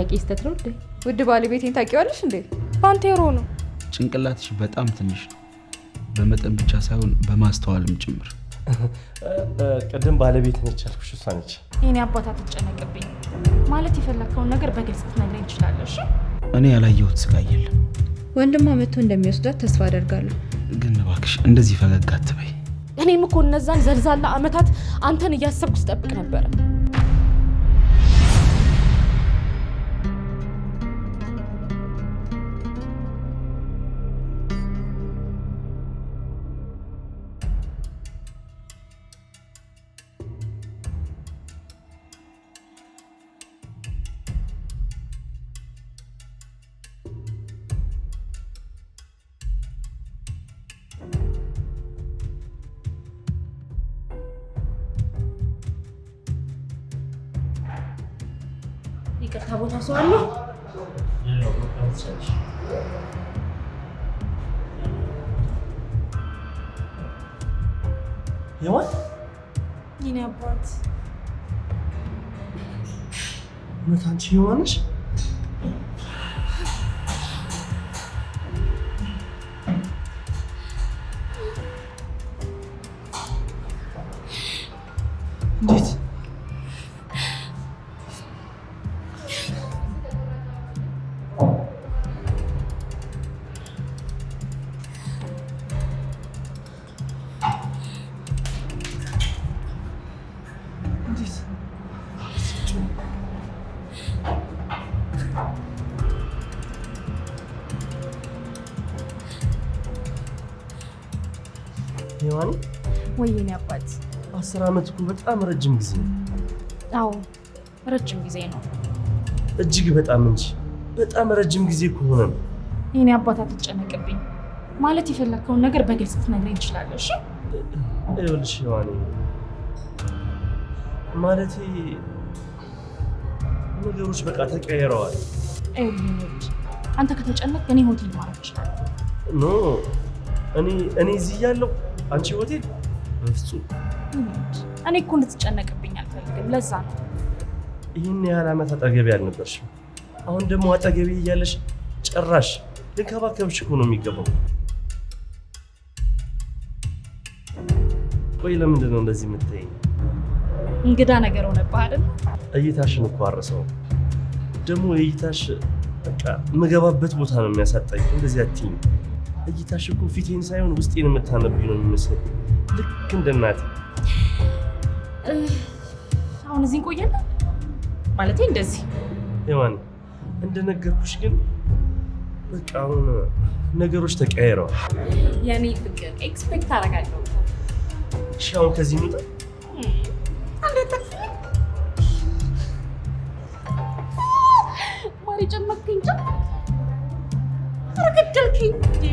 ጥያቄ ስተት ነው እንዴ? ውድ ባለቤቴን ታውቂዋለሽ እንዴ? ፓንቴሮ ነው። ጭንቅላትሽ በጣም ትንሽ ነው፣ በመጠን ብቻ ሳይሆን በማስተዋልም ጭምር። ቅድም ባለቤት ነች ያልኩሽ እሷ ነች። ይህኔ አባታ ትጨነቅብኝ ማለት የፈለግከውን ነገር በግልጽ ትነግረኝ ትችላለሽ። እኔ ያላየሁት ስጋ የለም። ወንድሟ መጥቶ እንደሚወስዷት ተስፋ አደርጋለሁ። ግን እባክሽ እንደዚህ ፈገግ አትበይ። እኔም እኮ እነዛን ዘልዛላ ዓመታት አንተን እያሰብኩ ስጠብቅ ነበረ። የጸጥታ ቦታ ሰው አለ? የዋት ይኔ አባት እውነት አንቺ የዋነሽ ነው። ወይ የኔ አባት አስር አመት እኮ በጣም ረጅም ጊዜ ነው። አዎ ረጅም ጊዜ ነው፣ እጅግ በጣም እንጂ በጣም ረጅም ጊዜ ከሆነ ነው። የኔ አባት አትጨነቅብኝ። ማለት የፈለግከውን ነገር በግልጽ ትነግረኝ ትችላለሽ። ይኸውልሽ ዋኔ ማለቴ ነገሮች በቃ ተቀይረዋል። ይኸውልሽ አንተ ከተጨነቅ እኔ ሆቴል ማረፍ እችላለሁ። ኖ እኔ እዚህ ያለው አንቺ ሆቴል በፍጹም እኔ እኮ እንድትጨነቅብኝ አልፈልግም። ለዛ ነው ይህን ያህል ዓመት አጠገቢ አልነበርሽም። አሁን ደግሞ አጠገቢ እያለሽ ጭራሽ ልንከባከብሽ እኮ ነው የሚገባው። ቆይ ለምንድን ነው እንደዚህ የምትይኝ? እንግዳ ነገር ሆነብህ አይደል? እይታሽን እኮ አረሰው። ደግሞ እይታሽ በቃ የምገባበት ቦታ ነው የሚያሳጣኝ። እንደዚህ አትይኝ እይታሽ እኮ ፊቴን ሳይሆን ውስጤን የምታነብኝ ነው የሚመስለኝ። ልክ እንደ እናቴ። አሁን እዚህ እንቆያለን ማለት እንደዚህ ይማን እንደነገርኩሽ ግን በቃ አሁን ነገሮች ተቀያይረዋል። የኔ ፍቅር ኤክስፔክት አደርጋለሁ። እሺ አሁን ከዚህ እንውጣ። ማሪ ጨመቅኝ ጨ 하루개쩔 킹데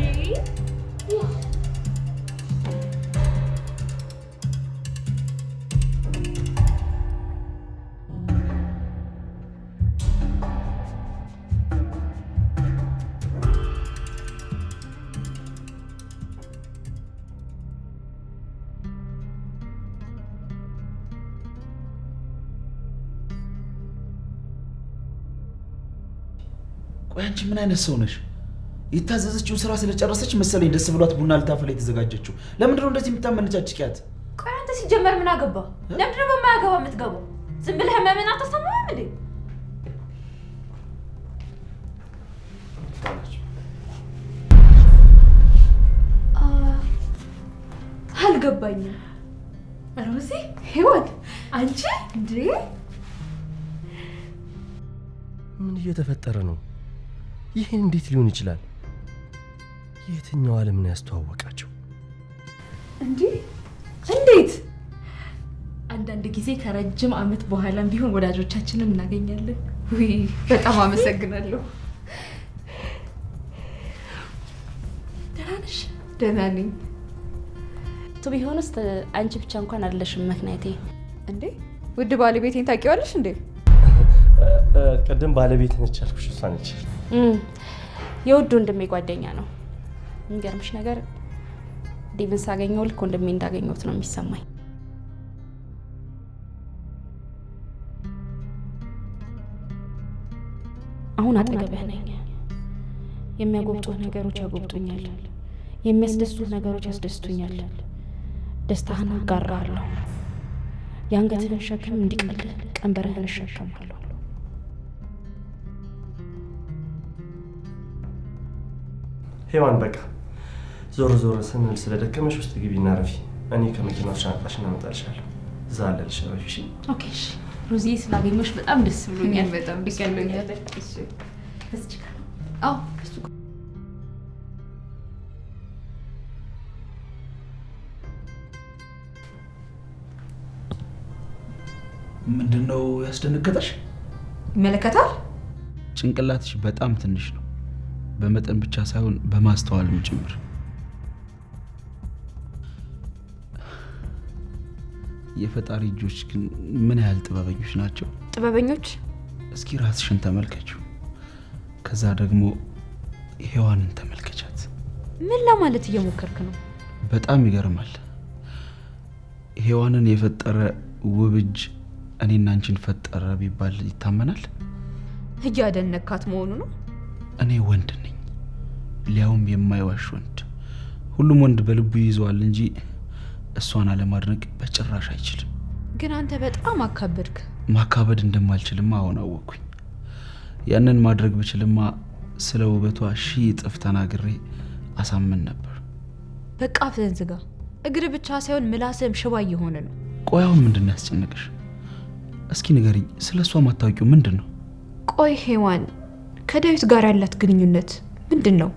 አንቺ ምን አይነት ሰው ነሽ? የታዘዘችውን ስራ ስለጨረሰች መሰለኝ ደስ ብሏት ቡና ልታፈላ የተዘጋጀችው። ነው እንደዚህ የምታመነጫጭቂያት? ቆይ አንተ ሲጀመር ምን አገባ? ነው በማያገባ የምትገባው? ዝም ብለህ ህመምን አታሰማም እንዴ? አልገባኝም። ሮዚ ህይወት፣ አንቺ እንዴ ምን እየተፈጠረ ነው? ይሄን እንዴት ሊሆን ይችላል? የትኛው ዓለም ነው ያስተዋወቃቸው? እንዴ እንዴት አንዳንድ ጊዜ ከረጅም ዓመት በኋላም ቢሆን ወዳጆቻችንን እናገኛለን። ውይ በጣም አመሰግናለሁ። ደህና ነሽ? ደህና ነኝ። ቱ ቢሆንስ አንቺ ብቻ እንኳን አለሽም ምክንያቴ። እንዴ ውድ ባለቤቴን ታውቂዋለሽ እንዴ? ቅድም ባለቤት ነች ያልኩሽ እሷ ነች። የውድ ወንድሜ ጓደኛ ነው። የሚገርምሽ ነገር ዴቭን ሳገኘው ልክ ወንድሜ እንዳገኘሁት ነው የሚሰማኝ። አሁን አጠገብህ ነኝ። የሚያጎብጡ ነገሮች ያጎብጡኛል፣ የሚያስደስቱ ነገሮች ያስደስቱኛል። ደስታህን አጋራሃለሁ። የአንገትህን ሸክም እንዲቀልህ ቀንበርህን እሸከማለሁ። ሄዋን በቃ ዞር ዞር ስንል ስለደከመሽ ውስጥ ግቢና ረፊ። እኔ ከመኪናው ሻንጣሽን አመጣልሻለሁ። እዛ አለልሻለሁ። እሺ ኦኬ። እሺ ሩዚ ስላገኘሁሽ በጣም ደስ ብሎኛል። በጣም ደስ ብሎኛል። እሺ አዎ ምንድን ነው ያስደነገጠሽ? ይመለከታል። ጭንቅላትሽ በጣም ትንሽ ነው፣ በመጠን ብቻ ሳይሆን በማስተዋልም ጭምር የፈጣሪ እጆች ግን ምን ያህል ጥበበኞች ናቸው። ጥበበኞች እስኪ ራስሽን ተመልከችው። ከዛ ደግሞ ሔዋንን ተመልከቻት። ምን ለማለት እየሞከርክ ነው? በጣም ይገርማል። ሔዋንን የፈጠረ ውብ እጅ እኔና አንቺን ፈጠረ ቢባል ይታመናል? እያደነካት መሆኑ ነው። እኔ ወንድ ነኝ፣ ሊያውም የማይዋሽ ወንድ። ሁሉም ወንድ በልቡ ይይዘዋል እንጂ እሷን አለማድነቅ በጭራሽ አይችልም። ግን አንተ በጣም አካበድክ። ማካበድ እንደማልችልማ አሁን አወቅኩኝ። ያንን ማድረግ ብችልማ ስለ ውበቷ ሺህ እጥፍ ተናግሬ አሳምን ነበር። በቃ አፍህን ዝጋ። እግር ብቻ ሳይሆን ምላስም ሽባ እየሆነ ነው። ቆይ አሁን ምንድን ነው ያስጨነቅሽ? እስኪ ንገሪኝ፣ ስለ እሷ ማታወቂው ምንድን ነው? ቆይ ሄዋን፣ ከዳዊት ጋር ያላት ግንኙነት ምንድን ነው?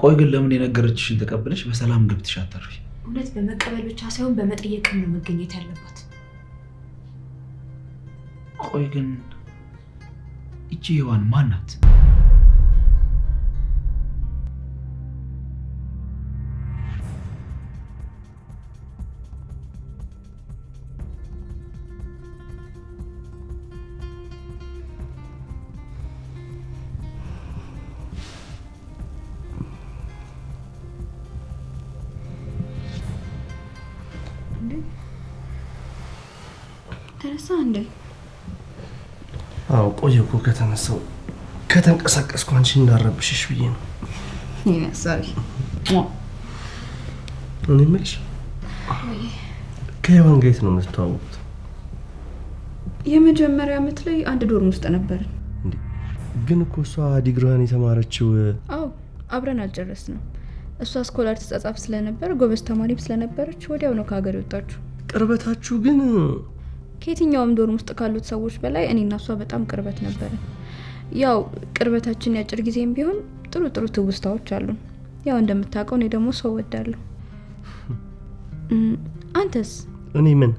ቆይ ግን ለምን የነገረችሽን ተቀብለሽ በሰላም ገብተሽ አታርፊ? እውነት በመቀበል ብቻ ሳይሆን በመጠየቅም ነው መገኘት ያለባት። ቆይ ግን እቺ ሔዋን ማን ናት? እኮ ከተነሳው ከተንቀሳቀስኩ አንቺ እንዳረብሽሽ ብዬ ነው። ይነሳል። እኔ የምልሽ ከየዋን ጋር የት ነው የምትተዋወቁት? የመጀመሪያ ዓመት ላይ አንድ ዶርም ውስጥ ነበር። ግን እኮ እሷ ዲግሪዋን የተማረችው አዎ፣ አብረን አልጨረስንም። እሷ ስኮላር ትጻጻፍ ስለነበር ጎበዝ ተማሪም ስለነበረች ወዲያው ነው ከሀገር የወጣችሁ። ቅርበታችሁ ግን ከየትኛውም ዶርም ውስጥ ካሉት ሰዎች በላይ እኔና እሷ በጣም ቅርበት ነበረ። ያው ቅርበታችን ያጭር ጊዜም ቢሆን ጥሩ ጥሩ ትውስታዎች አሉ። ያው እንደምታውቀው እኔ ደግሞ ሰው ወዳለሁ። አንተስ? እኔ ምን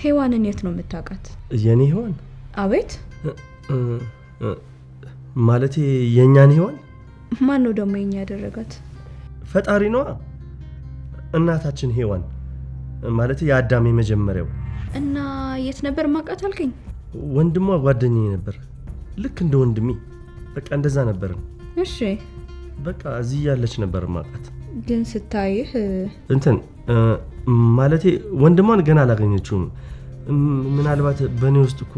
ሄዋንን የት ነው የምታውቃት? የኔ ሄዋን? አቤት ማለት የእኛን ሄዋን? ማን ነው ደግሞ የኛ ያደረጋት? ፈጣሪ ነዋ። እናታችን ሄዋን ማለት የአዳም የመጀመሪያው እና የት ነበር ማቃት አልከኝ? ወንድሟ ጓደኛዬ ነበር፣ ልክ እንደ ወንድሜ በቃ እንደዛ ነበርን። እሺ በቃ እዚህ ያለች ነበር ማቃት። ግን ስታይህ እንትን ማለቴ ወንድሟን ገና አላገኘችውም። ምናልባት በእኔ ውስጥ እኮ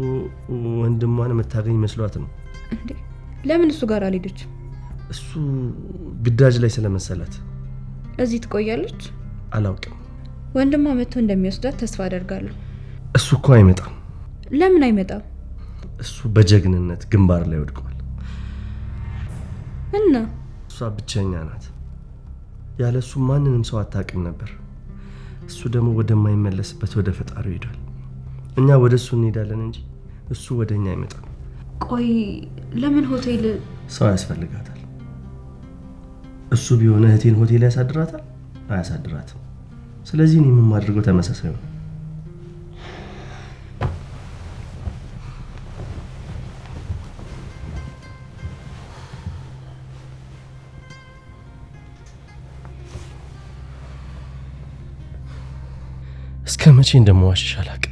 ወንድሟን የምታገኝ መስሏት ነው። እንዴ ለምን እሱ ጋር አልሄደች? እሱ ግዳጅ ላይ ስለመሰላት እዚህ ትቆያለች። አላውቅም። ወንድሟ መጥቶ እንደሚወስዳት ተስፋ አደርጋለሁ። እሱ እኮ አይመጣም። ለምን አይመጣም? እሱ በጀግንነት ግንባር ላይ ወድቋል እና እሷ ብቸኛ ናት። ያለ እሱ ማንንም ሰው አታውቅም ነበር። እሱ ደግሞ ወደማይመለስበት ወደ ፈጣሪ ሄዷል። እኛ ወደ እሱ እንሄዳለን እንጂ እሱ ወደ እኛ አይመጣም። ቆይ ለምን ሆቴል ሰው ያስፈልጋታል? እሱ ቢሆን እህቴን ሆቴል ያሳድራታል? አያሳድራትም። ስለዚህ እኔ የማድርገው ተመሳሳይ ነው። ከመቼ እንደምዋሽሽ አላቅ።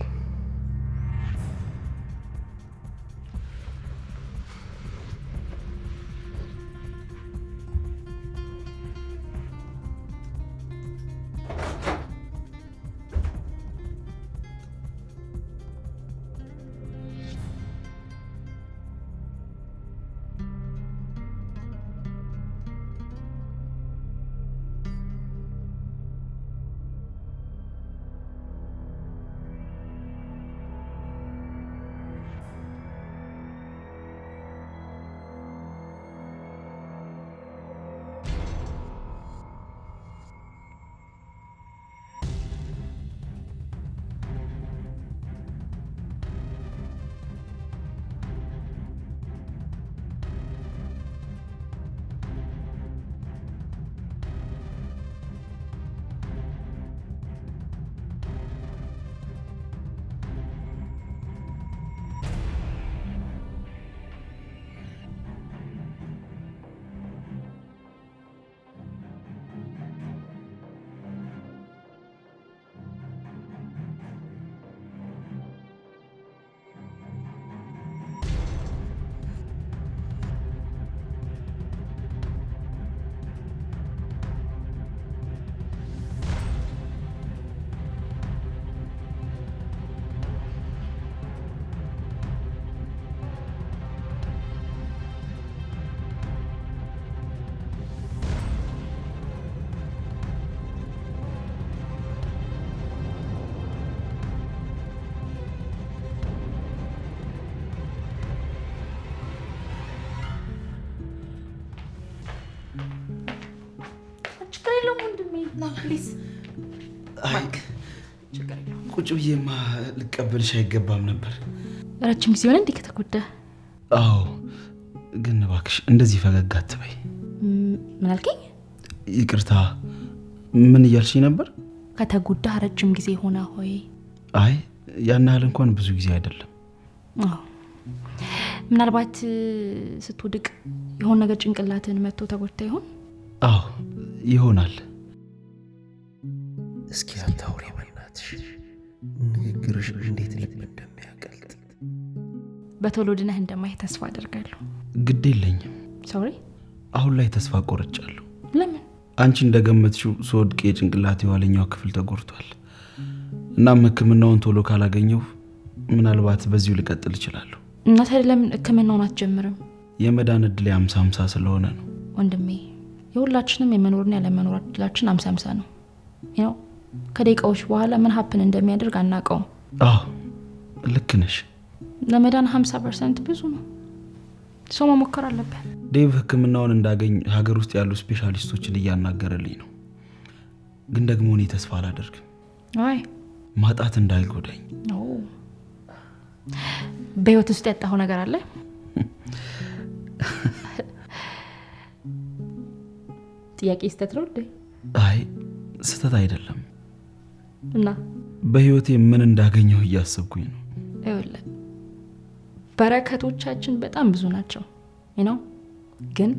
ፕሊዝ። ቁጭ ብዬማ ልቀበልሽ አይገባም ነበር። ረጅም ጊዜ ሆነ እንዲህ ከተጎዳ። አዎ፣ ግን እባክሽ እንደዚህ ፈገግ አትበይ። ምን አልከኝ? ይቅርታ፣ ምን እያልሽ ነበር? ከተጎዳ ረጅም ጊዜ ሆነ ሆይ? አይ ያን ያህል እንኳን ብዙ ጊዜ አይደለም። ምናልባት ስትወድቅ የሆነ ነገር ጭንቅላትን መጥቶ ተጎድታ ይሆን? አዎ ይሆናል። እስኪ አታውሪ በናትሽ፣ ንግግርሽ እንዴት ልብ እንደሚያቀልጥ። በቶሎ ድነህ ተስፋ አደርጋለሁ። ግድ የለኝም ሶሪ። አሁን ላይ ተስፋ ቆርጫለሁ። ለምን? አንቺ እንደገመትሽው ስወድቅ የጭንቅላት የኋለኛው ክፍል ተጎድቷል። እናም ሕክምናውን ቶሎ ካላገኘው ምናልባት በዚሁ ልቀጥል እችላለሁ። እና ታዲያ ለምን ሕክምናውን አትጀምርም? የመዳን እድል የአምሳ አምሳ ስለሆነ ነው ወንድሜ። የሁላችንም የመኖርና ያለመኖር እድላችን አምሳ አምሳ ነው። ከደቂቃዎች በኋላ ምን ሀፕን እንደሚያደርግ አናውቀውም። አዎ ልክ ነሽ። ለመዳን 50 ፐርሰንት ብዙ ነው። ሰው መሞከር አለብን። ዴቭ ህክምናውን እንዳገኝ ሀገር ውስጥ ያሉ ስፔሻሊስቶችን እያናገረልኝ ነው። ግን ደግሞ እኔ ተስፋ አላደርግም። አይ ማጣት እንዳይጎዳኝ። በህይወት ውስጥ ያጣሁ ነገር አለ? ጥያቄ ስህተት ነው ስተት አይ ስህተት አይደለም። እና በህይወቴ ምን እንዳገኘው እያሰብኩኝ ነው። ይኸውልህ በረከቶቻችን በጣም ብዙ ናቸው ነው፣ ግን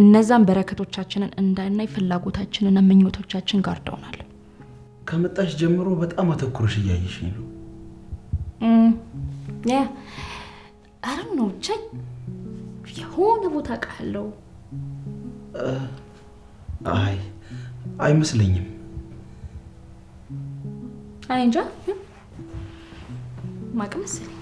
እነዛን በረከቶቻችንን እንዳናይ ፍላጎታችንና ምኞቶቻችን ጋርደውናል። ከመጣሽ ጀምሮ በጣም አተኩረሽ እያየሽ ነው። አረ ነው ብቻ የሆነ ቦታ ቃለው። አይ አይመስለኝም እኔ እንጃ ማቅ መሰለኝ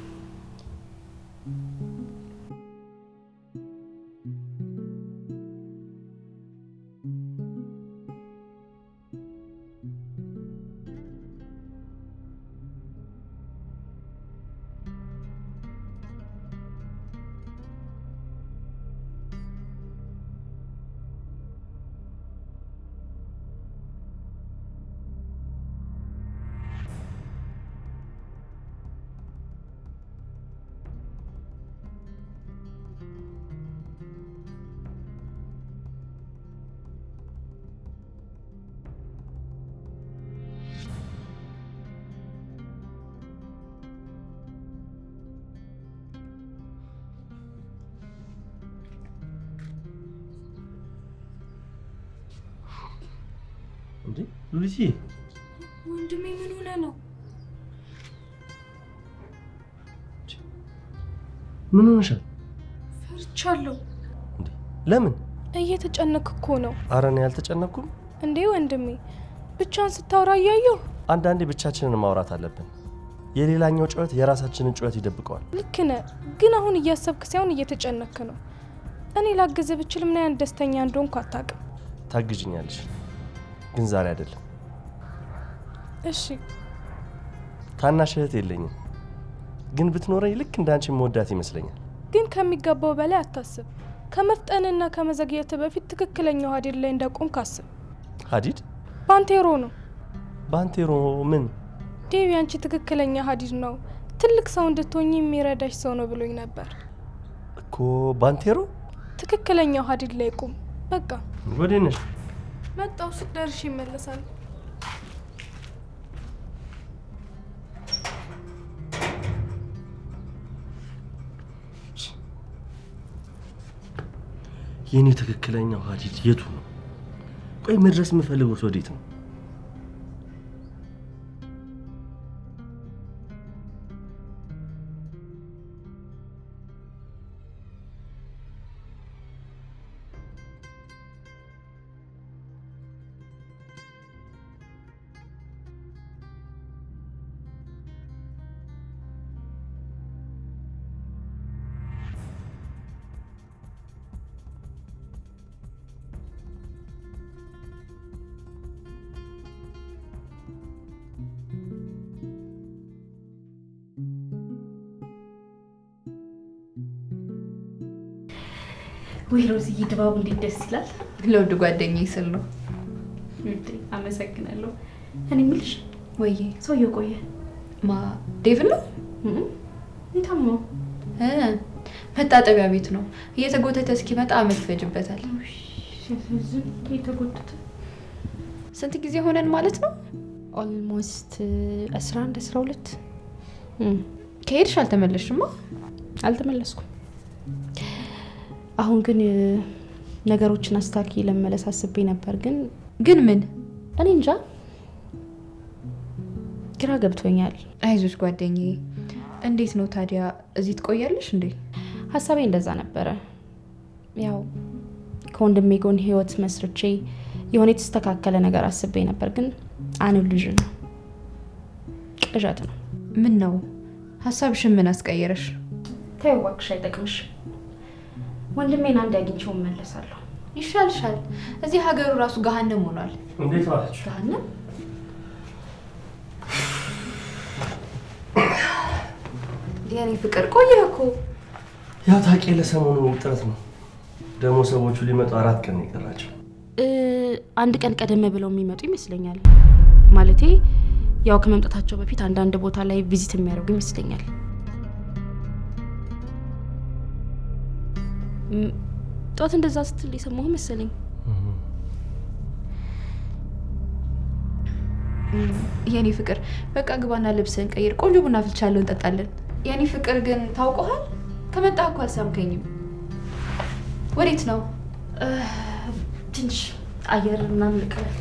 ልጅ ወንድሜ ምን ሆነ ነው? ምን ሆነሻል? ፈርቻለሁ። ለምን? እየተጨነክ እኮ ነው። አረ እኔ አልተጨነኩም እንዴ ወንድሜ፣ ብቻን ስታወራ እያየሁ። አንዳንዴ ብቻችንን ማውራት አለብን። የሌላኛው ጩኸት የራሳችንን ጩኸት ይደብቀዋል። ልክ ነህ፣ ግን አሁን እያሰብክ ሳይሆን እየተጨነክ ነው። እኔ ላግዝህ ብችል ምን ያህል ደስተኛ እንደሆንኩ አታውቅም። ታግዥኛለሽ ግን ዛሬ አይደለም። እሺ። ታናሽ እህት የለኝም፣ ግን ብትኖረኝ ልክ አንቺ መወዳት ይመስለኛል። ግን ከሚገባው በላይ አታስብ። ከመፍጠንና ከመዘግየት በፊት ትክክለኛው ሀዲድ ላይ እንደቆም ካስብ። ሀዲድ ባንቴሮ ነው። ባንቴሮ ምን? ዴቪ አንቺ ትክክለኛ ሀዲድ ነው። ትልቅ ሰው እንድትሆኝ የሚረዳሽ ሰው ነው ብሎኝ ነበር እኮ ባንቴሮ። ትክክለኛው ሀዲድ ላይ ቁም። በቃ ወዴት መጣው ስደርሽ ይመለሳል። የእኔ ትክክለኛው ሀዲድ የቱ ነው? ቆይ መድረስ የምፈልገው ወዴት ነው? ድባቡ እንዴት ደስ ይላል። ለውድ ጓደኛዬ ስል ነው። አመሰግናለሁ። እኔ የምልሽ ወይ ሰውዬው ቆየ። ማ ዴቭ ነው የታማው? መታጠቢያ ቤት ነው እየተጎተተ እስኪመጣ አመት ይፈጅበታል። የተጎተተ ስንት ጊዜ ሆነን ማለት ነው? ኦልሞስት 11 12 ከሄድሽ አልተመለሽማ። አልተመለስኩም። አሁን ግን ነገሮችን አስታኪ ለመመለስ አስቤ ነበር። ግን ግን ምን እኔ እንጃ ግራ ገብቶኛል። አይዞች ጓደኛዬ። እንዴት ነው ታዲያ እዚህ ትቆያለሽ እንዴ? ሀሳቤ እንደዛ ነበረ። ያው ከወንድሜ ጎን ህይወት መስርቼ የሆነ የተስተካከለ ነገር አስቤ ነበር። ግን ልጅ ነው ቅዠት ነው። ምን ነው ሀሳብሽን ምን አስቀየረሽ? ተይው እባክሽ፣ አይጠቅምሽ። ወንድሜን አንድ አግኝቼው እመለሳለሁ። ይሻልሻል። እዚህ ሀገሩ ራሱ ገሀነም ሆኗል። እንዴት አለች? ገሀነም የኔ ፍቅር ቆየህ እኮ ያው ታውቂ፣ ለሰሞኑ ውጥረት ነው። ደግሞ ሰዎቹ ሊመጡ አራት ቀን ይቀራቸው። አንድ ቀን ቀደም ብለው የሚመጡ ይመስለኛል። ማለቴ ያው ከመምጣታቸው በፊት አንዳንድ ቦታ ላይ ቪዚት የሚያደርጉ ይመስለኛል። ጠዋት እንደዛ ስትል የሰማሁ መሰለኝ። የኔ ፍቅር በቃ ግባና ልብስህን ቀይር። ቆንጆ ቡና ፍልቻለሁ፣ እንጠጣለን። የኔ ፍቅር ግን ታውቀሃል፣ ከመጣህ እኮ አልሳምከኝም። ወዴት ነው? ትንሽ አየር ምናምን ልቀበል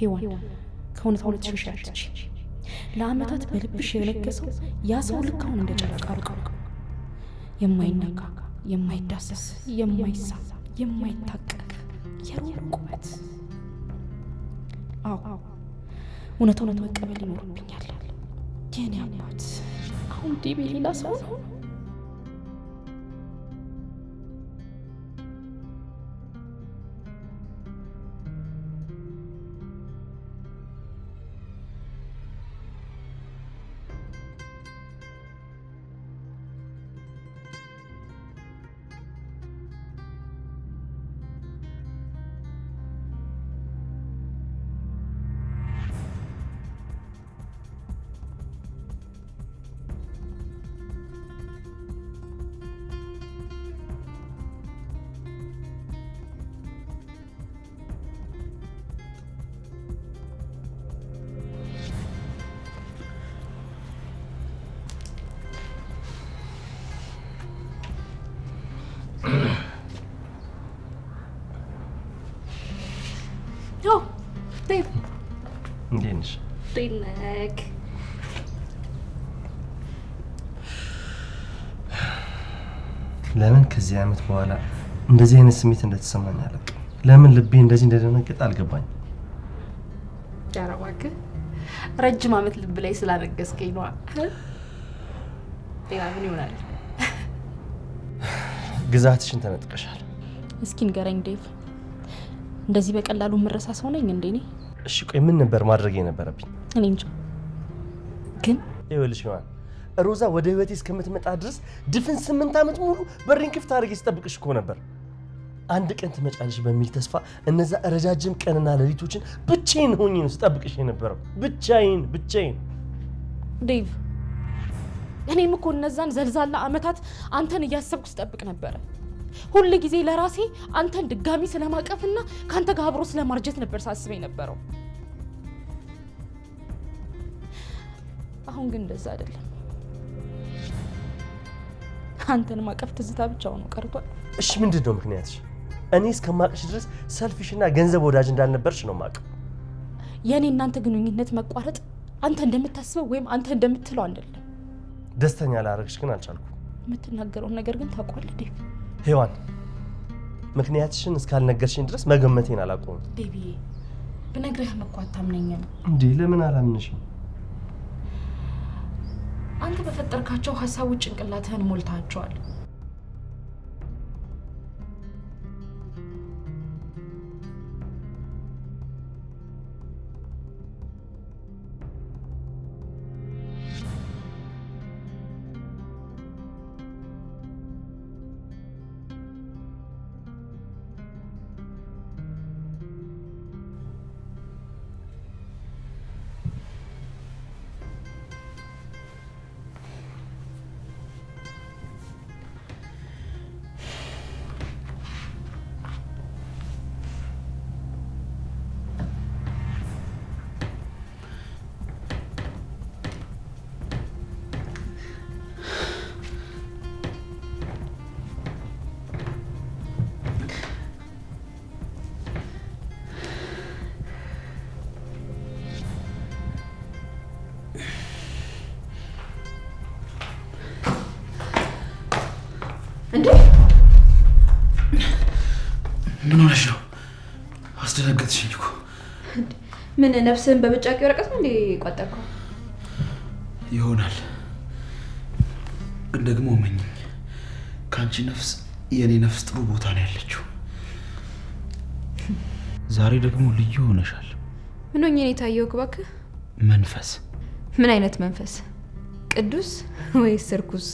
ሄዋን ከእውነታው ልትሸሽ አትችይ። ለአመታት በልብሽ የነገሰው ያ ሰው ልክ አሁን እንደ ጨረቃ ሩቅ የማይነካ የማይዳሰስ የማይሳ የማይታቀቅ የሩቅ ቁመት። አዎ እውነታውን መቀበል ይኖርብኛል። የኔ አባት አሁን ዲቤ ሌላ ሰው ነው። Babe. እንዴት ነሽ? ለምን ከዚህ ዓመት በኋላ እንደዚህ አይነት ስሜት እንደተሰማኝ አላውቅም። ለምን ልቤ እንደዚህ እንደደነገጠ አልገባኝም። ኧረ እባክህ ረጅም ዓመት ልብ ላይ ስላነገስከኝ ነዋ። ጤና ምን ይሆናል? ግዛትሽን ተነጥቀሻል። እስኪ ንገረኝ ዴቭ፣ እንደዚህ በቀላሉ ምረሳ ሰው ነኝ እንዴ እኔ? እሺ ቆይ ምን ነበር ማድረግ የነበረብኝ? እኔ እንጃ። ግን ይኸውልሽ ይሆናል ሮዛ ወደ ህይወቴ እስከምትመጣ ድረስ ድፍን ስምንት ዓመት ሙሉ በሬን ክፍት አድርጌ ስጠብቅሽ እኮ ነበር። አንድ ቀን ትመጫለሽ በሚል ተስፋ እነዛ ረጃጅም ቀንና ሌሊቶችን ብቻዬን ሆኜ ነው ስጠብቅሽ የነበረው። ብቻዬን ብቻዬን። ዴቭ እኔም እኮ እነዛን ዘልዛላ ዓመታት አንተን እያሰብኩ ስጠብቅ ነበረ። ሁል ጊዜ ለራሴ አንተን ድጋሚ ስለማቀፍና ከአንተ ጋር አብሮ ስለማርጀት ነበር ሳስበ የነበረው። አሁን ግን እንደዛ አይደለም። አንተን ማቀፍ ትዝታ ብቻ ሆኖ ቀርቷል። እሺ ምንድን ነው ምክንያትሽ? እኔ እስከማቅሽ ድረስ ሰልፊሽና ገንዘብ ወዳጅ እንዳልነበርሽ ነው ማቀው። የእኔ እናንተ ግንኙነት መቋረጥ አንተ እንደምታስበው ወይም አንተ እንደምትለው አይደለም። ደስተኛ ላረግሽ ግን አልቻልኩም። የምትናገረውን ነገር ግን ታውቋል ዴቭ ሄዋን ምክንያትሽን እስካልነገርሽኝ ድረስ መገመቴን አላቆም። ቤቢዬ ብነግርህም እኮ አታምነኝም። እንዴ ለምን አላምንሽም? አንተ በፈጠርካቸው ሀሳቦች ጭንቅላትህን ሞልታቸዋል። ምን ነፍስህን በብጫቂ ወረቀት ነው እንዴ ቆጠርከው ይሆናል ግን ደግሞ መኝኝ ከአንቺ ነፍስ የእኔ ነፍስ ጥሩ ቦታ ነው ያለችው። ዛሬ ደግሞ ልዩ ሆነሻል። ምን ሆኜ ነው የታየው? እባክህ መንፈስ። ምን አይነት መንፈስ? ቅዱስ ወይስ ስርኩስ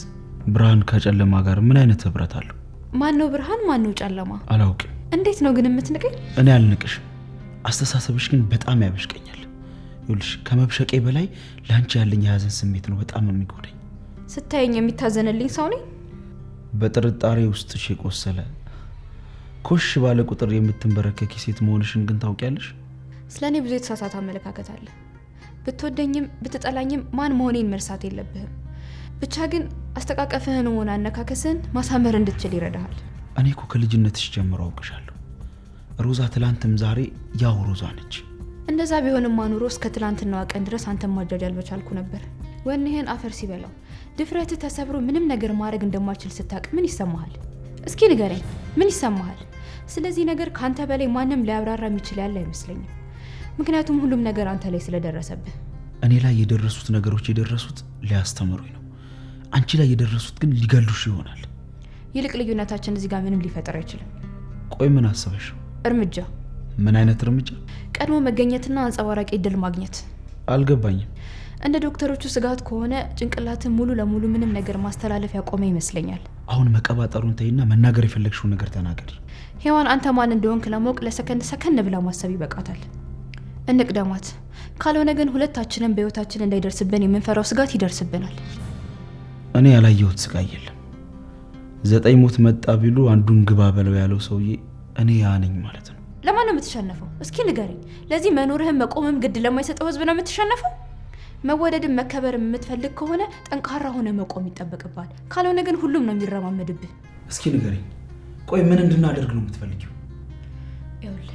ብርሃን ከጨለማ ጋር ምን አይነት ህብረት አለው? ማን ነው ብርሃን? ማን ነው ጨለማ? አላውቅም። እንዴት ነው ግን የምትንቀኝ? እኔ አልንቅሽም። አስተሳሰብሽ ግን በጣም ያበሽቀኛል። ይኸውልሽ ከመብሸቄ በላይ ለአንቺ ያለኝ የሀዘን ስሜት ነው በጣም የሚጎዳኝ። ስታየኝ የሚታዘንልኝ ሰው ነኝ። በጥርጣሬ ውስጥሽ የቆሰለ ኮሽ ባለ ቁጥር የምትንበረከኪ ሴት መሆንሽን ግን ታውቂያለሽ። ስለ እኔ ብዙ የተሳሳተ አመለካከት አለ። ብትወደኝም ብትጠላኝም ማን መሆኔን መርሳት የለብህም። ብቻ ግን አስተቃቀፍህን ሆነ አነካከስህን ማሳመር እንድትችል ይረዳሃል። እኔ እኮ ከልጅነትሽ ጀምሮ አውቅሻለሁ። ሮዛ ትላንትም ዛሬ ያው ሮዛ ነች። እንደዛ ቢሆንም ማኑሮ እስከ ትላንትናዋ ቀን ድረስ አንተን ማጃጅ ያልበቻልኩ ነበር። ወኔህን አፈር ሲበላው ድፍረት ተሰብሮ ምንም ነገር ማድረግ እንደማችል ስታቅ ምን ይሰማሃል? እስኪ ንገረኝ፣ ምን ይሰማሃል? ስለዚህ ነገር ከአንተ በላይ ማንም ሊያብራራ የሚችል ያለ አይመስለኝም። ምክንያቱም ሁሉም ነገር አንተ ላይ ስለደረሰብህ። እኔ ላይ የደረሱት ነገሮች የደረሱት ሊያስተምሩኝ ነው። አንቺ ላይ የደረሱት ግን ሊገሉሽ ይሆናል። ይልቅ ልዩነታችን እዚህ ጋር ምንም ሊፈጠር አይችልም። ቆይ ምን አስበሽ ነው? እርምጃ። ምን አይነት እርምጃ? ቀድሞ መገኘትና አንጸባራቂ እድል ማግኘት። አልገባኝም። እንደ ዶክተሮቹ ስጋት ከሆነ ጭንቅላትን ሙሉ ለሙሉ ምንም ነገር ማስተላለፍ ያቆመ ይመስለኛል። አሁን መቀባጠሩን ተይና መናገር የፈለግሽውን ነገር ተናገሪ። ሄዋን አንተ ማን እንደሆንክ ለማወቅ ለሰከንድ ሰከን ብላ ማሰብ ይበቃታል። እንቅደማት፣ ካልሆነ ግን ሁለታችንም በህይወታችን እንዳይደርስብን የምንፈራው ስጋት ይደርስብናል። እኔ ያላየሁት ስቃይ የለም። ዘጠኝ ሞት መጣ ቢሉ አንዱን ግባ በለው ያለው ሰውዬ እኔ ያ ነኝ ማለት ነው። ለማን ነው የምትሸነፈው? እስኪ ንገረኝ። ለዚህ መኖርህን መቆምም ግድ ለማይሰጠው ህዝብ ነው የምትሸነፈው። መወደድን መከበር የምትፈልግ ከሆነ ጠንካራ ሆነ መቆም ይጠበቅባል። ካልሆነ ግን ሁሉም ነው የሚረማመድብህ። እስኪ ንገረኝ፣ ቆይ ምን እንድናደርግ ነው የምትፈልጊው? ይኸውልህ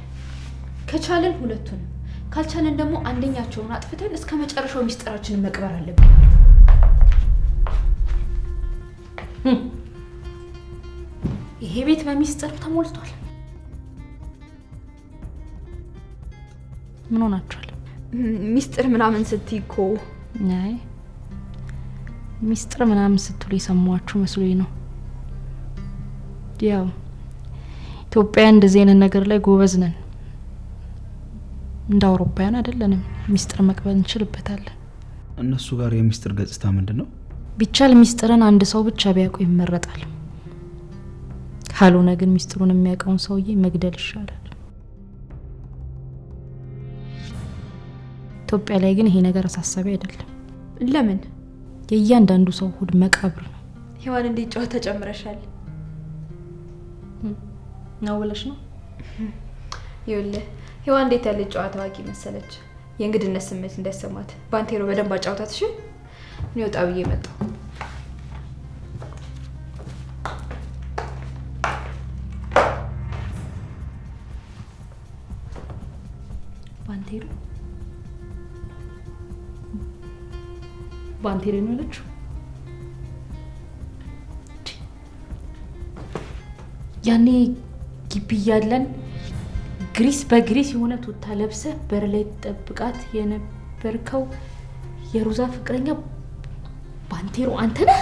ከቻለን ሁለቱንም ካልቻለን ደግሞ አንደኛቸውን አጥፍተን እስከ መጨረሻው ሚስጥራችንን መቅበር አለብን። ይሄ ቤት በሚስጥር ተሞልቷል። ምን ሆናችኋል? ሚስጥር ምናምን ስትይ እኮ ሚስጥር ምናምን ስትሉ የሰማችሁ መስሎኝ ነው። ያው ኢትዮጵያውያን እንደዚህ አይነት ነገር ላይ ጎበዝ ነን። እንደ አውሮፓውያን አይደለንም። ሚስጥር መቅበል እንችልበታለን። እነሱ ጋር የሚስጥር ገጽታ ምንድን ነው? ቢቻል ሚስጥርን አንድ ሰው ብቻ ቢያውቁ ይመረጣል። ካልሆነ ግን ሚስጥሩን የሚያውቀውን ሰውዬ መግደል ይሻላል። ኢትዮጵያ ላይ ግን ይሄ ነገር አሳሳቢ አይደለም። ለምን? የእያንዳንዱ ሰው እሁድ መቃብር ነው። ሔዋን እንዴት ጨዋታ ተጨምረሻል? ነው ብለሽ ነው? ይኸውልህ ሔዋን እንዴት ያለ ጨዋታ አዋቂ መሰለች። የእንግድነት ስሜት እንዳይሰማት ባንቴሮ በደንብ አጫውታትሽ። እኔ ወጣ ብዬ መጣሁ። ባንቴ ላይ ነው ያለችው። ያኔ ግቢ እያለን ግሪስ በግሪስ የሆነ ቱታ ለብሰ በር ላይ ጠብቃት የነበርከው የሮዛ ፍቅረኛ ባንቴሮ አንተ ነህ?